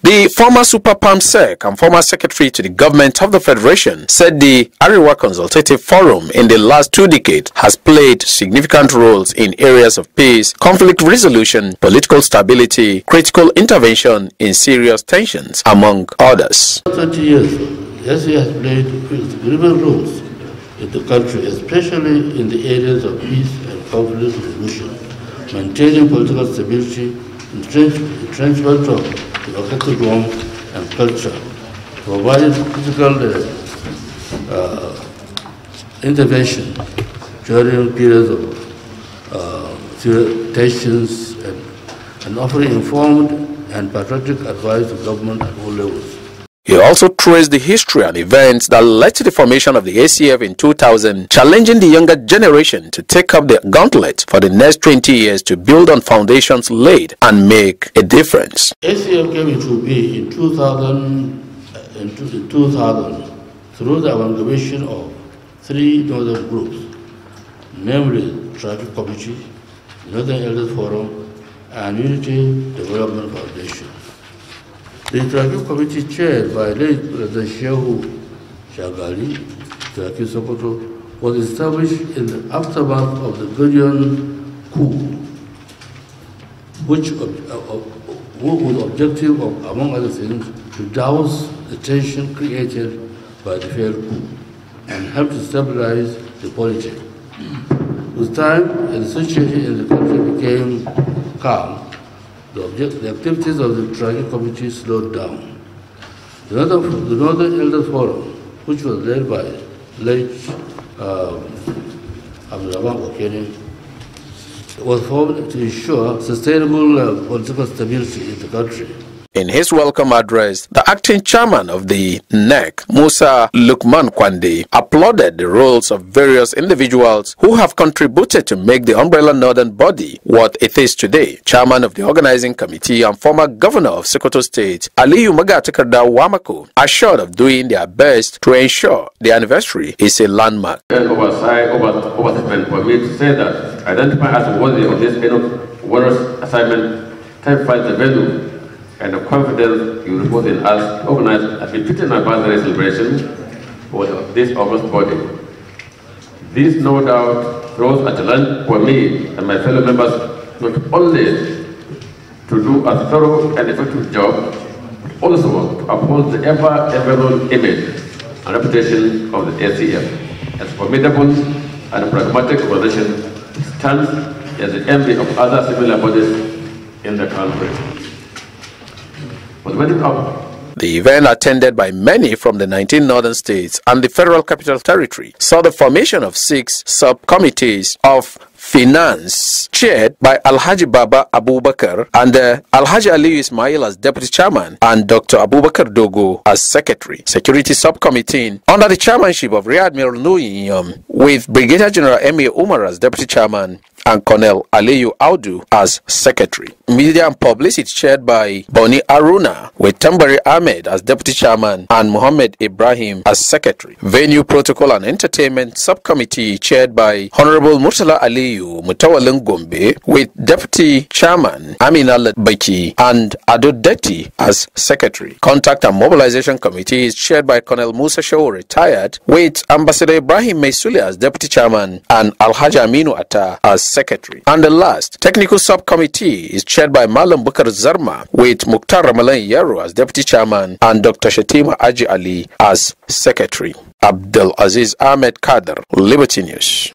The former Super Palm SEC and former secretary to the government of the Federation said the Ariwa Consultative Forum in the last two decades has played significant roles in areas of peace, conflict resolution, political stability, critical intervention in serious tensions, among others. 30 years, yes, it has played significant roles in the country, especially in the areas of peace and conflict resolution, maintaining political stability, entrenchment of loka tu and culture, Provided physical uh, uh, intervention during periods of tensions uh, and, and offering informed and patriotic advice to government at all levels. He also traced the history and events that led to the formation of the ACF in 2000, challenging the younger generation to take up the gauntlet for the next 20 years to build on foundations laid and make a difference. ACF came into being in 2000, uh, in 2000 through the amalgamation of three northern groups, namely Traffic Committee, Northern Elders Forum, and Unity Development Foundation. The Interactive Committee chaired by late President Shehu Shagali, Interactive was established in the aftermath of the Ghanaian coup, which with objective of, among other things, to douse the tension created by the failed coup and help to stabilize the polity. With time, the situation in the country became calm the, the activities of the Tracking Committee slowed down. The Northern, the Northern Elders Forum, which was led by late um, Abdulrahman was formed to ensure sustainable uh, political stability in the country. In his welcome address, the acting chairman of the NEC, Musa Lukman Kwandi, applauded the roles of various individuals who have contributed to make the umbrella northern body what it is today. Chairman of the organizing committee and former governor of Sokoto State, Aliyu Magatakarda Wamako, assured of doing their best to ensure the anniversary is a landmark. Oversight, oversight for me to say that identify as worthy of this assignment, the kind of confidence you repose in us to organize a 15th anniversary celebration for this august body. This no doubt throws a challenge for me and my fellow members not only to do a thorough and effective job, but also to uphold the ever-evolving image and reputation of the ACF as formidable and pragmatic organization stands as the envy of other similar bodies in the country. The event, attended by many from the 19 northern states and the Federal Capital Territory, saw the formation of six subcommittees of Finance, chaired by Alhaji Baba Abubakar and uh, Alhaji Ali Ismail as deputy chairman and Dr. Abubakar Dogo as secretary. Security subcommittee under the chairmanship of Rear Admiral Nguyen with Brigadier General M.A. Umar as deputy chairman and Colonel Aliyu Audu as secretary. Media and publicity chaired by Boni Aruna with Tambari Ahmed as deputy chairman and Mohammed Ibrahim as secretary. Venue protocol and entertainment subcommittee chaired by Honorable Murtala Aliyu Mutawalengombe Gombe with deputy chairman Amina Ledbeki and Adodeti as secretary. Contact and mobilization committee is chaired by Colonel Musa Shaw retired with Ambassador Ibrahim Maisuli as deputy chairman and Alhaji Aminu Atta as Secretary. And the last, Technical Subcommittee is chaired by Malam Bukar Zarma with Mukhtar Ramalan Yaro as Deputy Chairman and Dr. Shatima Aji Ali as Secretary. Abdul Aziz Ahmed Kader, Liberty News.